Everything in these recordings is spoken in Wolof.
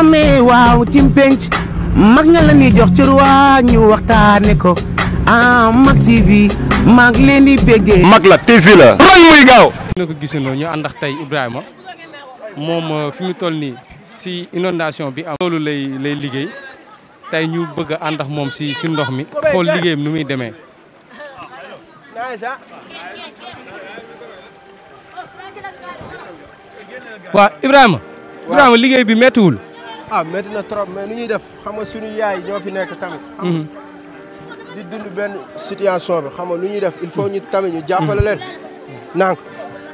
amee waaw ci penc mag ña la ñuy jox cër waa ñu waxtaane ko ah mag TV maa ngi leen di béggee. mag la TV la. roñ gaaw. na ko gisandoo ñu àndax tey Ibrahima moom euh, fi mu toll nii si inondation bi am. loolu lay lay liggéey tey ñu bëgg a moom si si ndox mi liggéey liggéeyam nu muy demee. waa Ibrahima. Ibrahima liggéey bi méttiwul. ah métti na trop mais nu ñuy def xam nga suñu yaay ñoo fi nekk tamit. Mhm. di dund benn situation bi xam nga lu ñuy def il faut ñu tamit ñu jàppale mhm. leen. nànk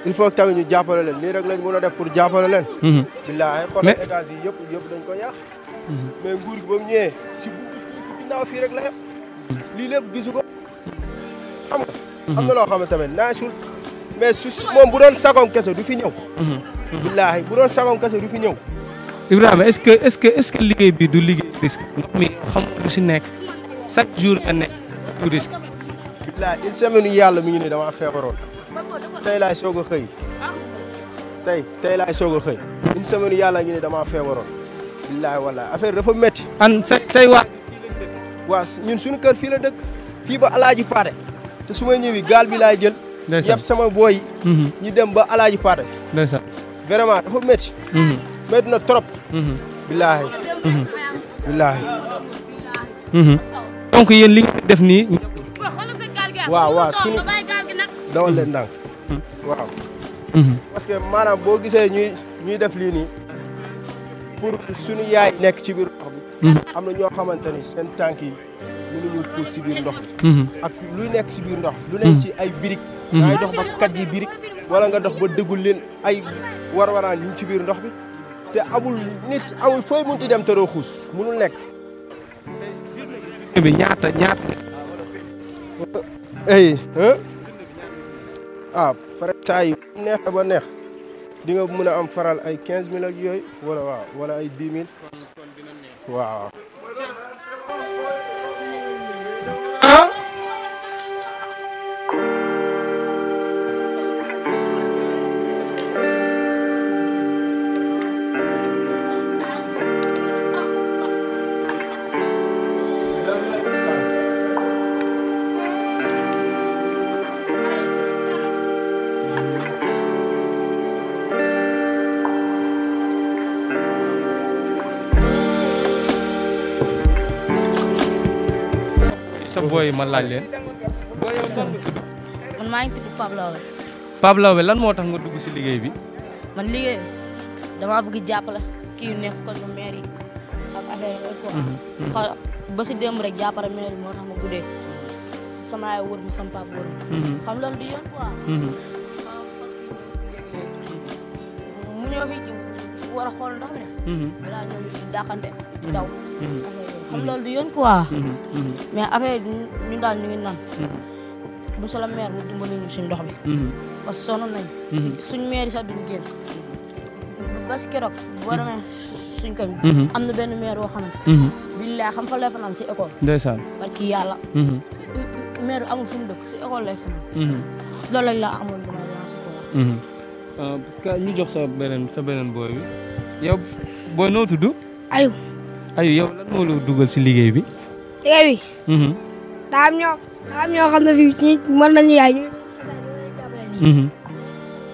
il faut tamit ñu jàppale leen lii rek lañ mën a def pour jàppale leen. Mhm. billaahi xool états yi yëpp yëpp dañ ko yàq. mais nguur gi ba mu ñëwee si si ginnaaw fii rek la xam nga. loo xam ne tamit naa sul mais su moom bu doon sagoom kese du fi ñëw. billaahi bu doon sagoom kese du fi ñëw. Ibrahima est-ce que ce que est-ce que liggéey bi du liggéey risque ndox mi xam lu si nekk chaque jour nga nekk du risque. bilaay une semaine yàlla mu ngi ne damaa feebaroon tey laay soog a xëy tey tey laay soog a xëy une semaine yàlla ngi ne damaa feebaroon bilaay walaay affaire dafa métti. an say say waat. waa ñun suñu kër fii la dëkk fii ba alaaji paate te su ma ñëwee gaal bi laay jël. yëpp sama booy. Mhm. ñu dem ba alaaji paate. vraiment dafa métti. Mhm. métti na trop. Mhm. billaahi. Mhm. billaahi. Mhm. donc yéen li def nii. waaw waaw sunu dawal leen ndànk. waaw. parce que maanaam boo gisee ñuy ñuy def lii nii pour sunu yaay nekk ci biir ndox bi. am na ñoo xamante ni seen tànk yi mënuñu puus si biir ndox bi. ak lu nekk si biir ndox. lu nekk ci ay birig. da ngay dox ba kat yi birig wala nga dox ba dëggul leen ay war-waraan ñu ci biir ndox bi. te amul nit amul fooy mënti dem te doo xuus mënul nekk. bi ñaata ñaata. ay ah pare saa yi ba neex di nga mën a am faral ay quinze mille ak yooyu wala waaw wala ay dix mille waaw. booy ma laaj leen. man maa ngi tudd Pape Lawbe. lan moo tax nga dugg si liggéey bi. man liggéey damaa bëgg jàppale kii yu nekk kon maire yi ak affaire yooyu mhm, mhm. ba si démb rek jàppale maire yi moo tax ma guddee sama yaay wër ma sama papa wër ma. Mhm. xam loolu du yoon quoi. mu ñëw fi war a xool ndox mi ne ñoom ñu daw mhm. mhm. xam loolu du yoon quoi mhm. mais affaire ñu daal ñu ngi nan monsieur le mu dimbali ñu suñ ndox mi parce nañ suñ maire sax duñ génn ba si keroog suñ koñ am na benn maire boo xam ne billaay xam fa fanaan si école ndeysaan barki yàlla maire amul si école lay fanaan loolu lañ la amoon dama laa si ko Euh, ka ñu jox sa beneen sa beneen booy bi yow booy noo tudd. ayu ayu yow lan moo la dugal si liggéey bi. liggéey bi. Mm-hmm. daa am ñoo daa am ñoo xam ne fii ci mën nañu yaay ñu. Mm-hmm.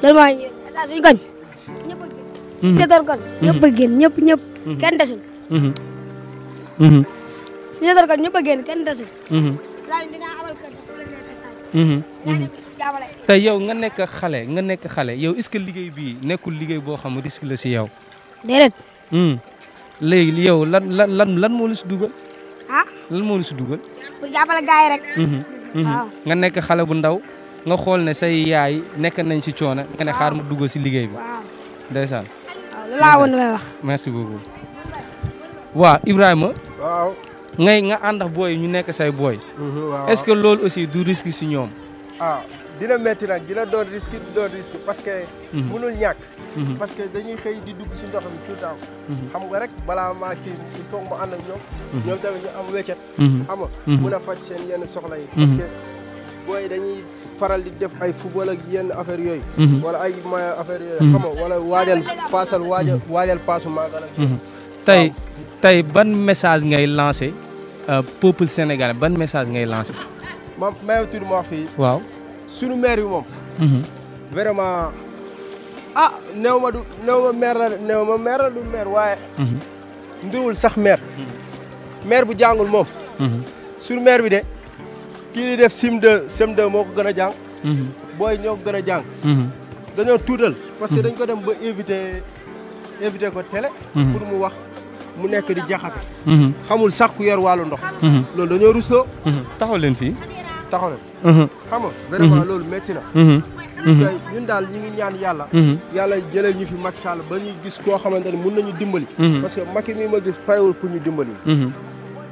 loolu moo ñu état suñu koñ. ñëpp a génn. Mm-hmm. seetoon koñ. ñëpp a génn ñëpp ñëpp. kenn desul. suñu seetoon koñ ñëpp a génn kenn desul. daañu dinaa amal kër te yow nga nekk xale nga nekk xale yow est-ce que liggéey bii nekkul liggéey boo xam risque la si yow. déedéet. Hmm. léegi yow lan lan lan lan moo la si dugal. Ah? lan moo si dugal. Mhm. Mhm. nga nekk xale bu ndaw nga xool ne say yaay nekk nañ si coono. nga ne xaar ma dugal si liggéey bi. waaw ndeysaan. waaw loolu waaw Ibrahima. ngay nga àndax booy ñu nekk say booy. Mhm, est-ce que loolu aussi du risque si ñoom. Ah. dina métti nag dina doon risque doon risque parce que. mënul mhm. ñàkk. Mhm. parce que dañuy xëy di dugg si ndox mi tout le mhm. xam nga rek bala maa kii il faut mu ànd ak ñoom. ñoom tamit am weccet. xam mun a faj seen yenn soxla yi. parce que booy dañuy faral di def ay football ak yenn affaire yooyu. wala ay ma affaire yooyu. xam nga wala waajal paasal waajal waajal paasu maagal ak. ban message ngay lancé euh, peuple sénégalais ban message ngay lancé. ma maa ngi sunu maire bi moom. Mhm. vraiment ah néew ma du néew ma maire ma maire du maire waaye. Mhm. ndurul sax maire. Mhm. maire bu jàngul moom. sunu maire bi de kii di def sim de moo gën a jàng. booy ñoo gën a jàng. dañoo tuutal. parce que dañ ko dem ba éviter éviter ko télé. pour mu wax. mu nekk di jaxase. xamul sax ku yor wàllu ndox. loolu dañoo rusloo. taxaw leen fii taxaw leen. Mhm. xam nga mhm. vraiment loolu métti na. Mhm. tey ñun daal ñu ngi ñaan yàlla. yàlla jëlal ñu fi Macky Sall ba ñuy gis koo xamante ne mun nañu dimbali. parce que Macky mii ma gis parewul pour ñu dimbali.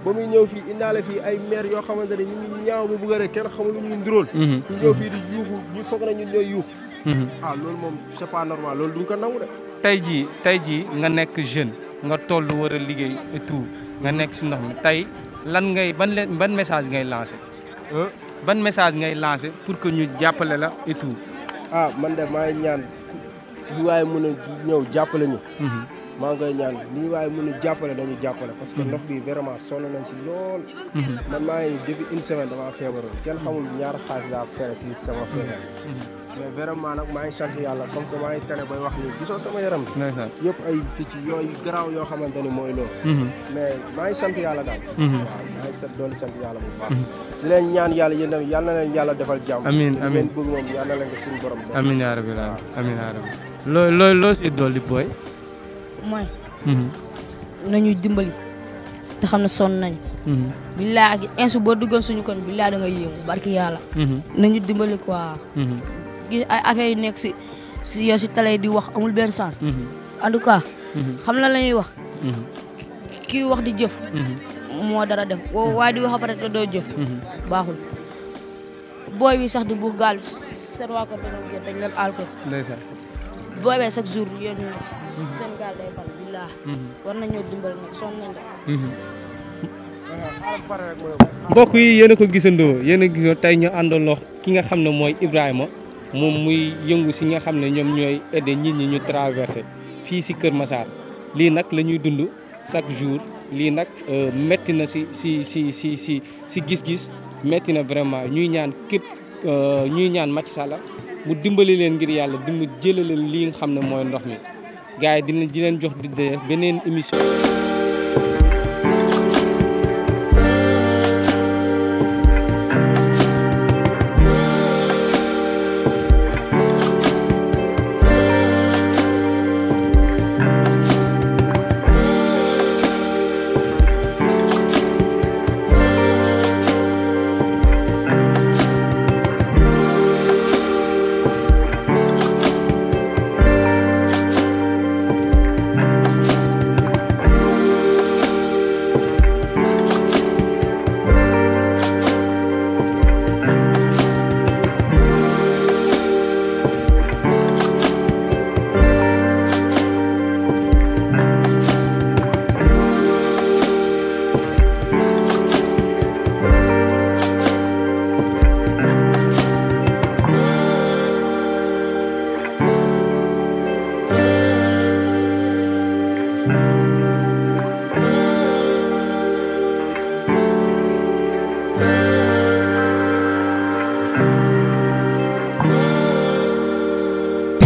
ba muy ñëw fii indaale fii ay maire yoo xamante ne ñu ngi ñaaw ba bëgg a rek kenn xamul lu ñuy nduróol. ñu ñëw fii di yuuxu ñu foog na ñun ñooy yuuxu. ah loolu moom c'est pas normal loolu duñ ko nangu de. tey jii tey jii nga nekk jeune nga toll war a liggéey et nga nekk si ndox mi tey lan ngay ban ban message ngay lancé. ban message ngay lancé pour que ñu jàppale la et ah man de maa ñaan li waaye mën a ñëw jàppale ñu. Mhm. maa ngay ñaan li waaye mën a jàppale dañu jàppale. parce que mhm. ndox bi vraiment sonn nañ si lool. Mhm. man maa ngi depuis une semaine damaa feebaroon kenn xamul ñaar xaalis laa fere si sama feebar. mais vraiment nag maa ngi sant yàlla comme que maa ngi tane bay wax nii gisoo sama yaram bi yëpp ay picc yooyu garaaw yoo xamante ni mooy loolu mhm. mais maa ngi sant yàlla daal mhm. waaw maa ngi sant doolu sant yàlla bu baax mhm. di leen ñaan yàlla yéen tamit yàlla defal jàmm amiin amiin bëgg moom yal na leen ko suñu borom amiin yaa rabbi laa amiin loo loo loo si dool di booy mooy nañuy dimbali te xam ne sonn nañu billaa ak insu boo duggoon suñu koñ billaa da nga yéemu barki yàlla nañu dimbali quoi gis ay affaire yu nekk si si yoo si télé di wax amul benn sens. Mm-hmm. en tout cas. Mm-hmm. xam na lañuy ñuy wax. Mm-hmm. kii wax di jëf. moo dara def waaye di wax après te doo jëf. baaxul booy bi sax di buux gaal seen waa kër na génn dañ leen aal ko. ndeysaan. dimbal nag sonn nañ mbokk yi yéen ko gisandoo yéen a gisoo tey ñu àndaloo ki nga xam ne mooy Ibrahima. moom muy yëngu si nga xam ne ñoom ñooy aider nit ñi ñu traversé fii si Kër Massar lii nag la ñuy dund chaque jour lii nag euh, metti na si si si si si si gis-gis metti na vraiment ñuy ñaan képp euh, ñuy ñaan Macky Sall mu dimbali leen ngir yàlla di mu jëlee leen lii nga xam ne mooy ndox mi gars yi dinañ di leen jox di beneen émission.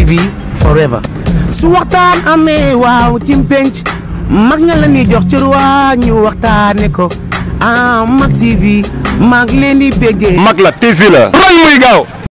TV forever su waxtaan amee waaw ci penc mag nga la ñuy jox ci ruwaay ñu waxtaane ko ah mag TV mag leen di béggee. mag la TV la. roñ muy gaaw.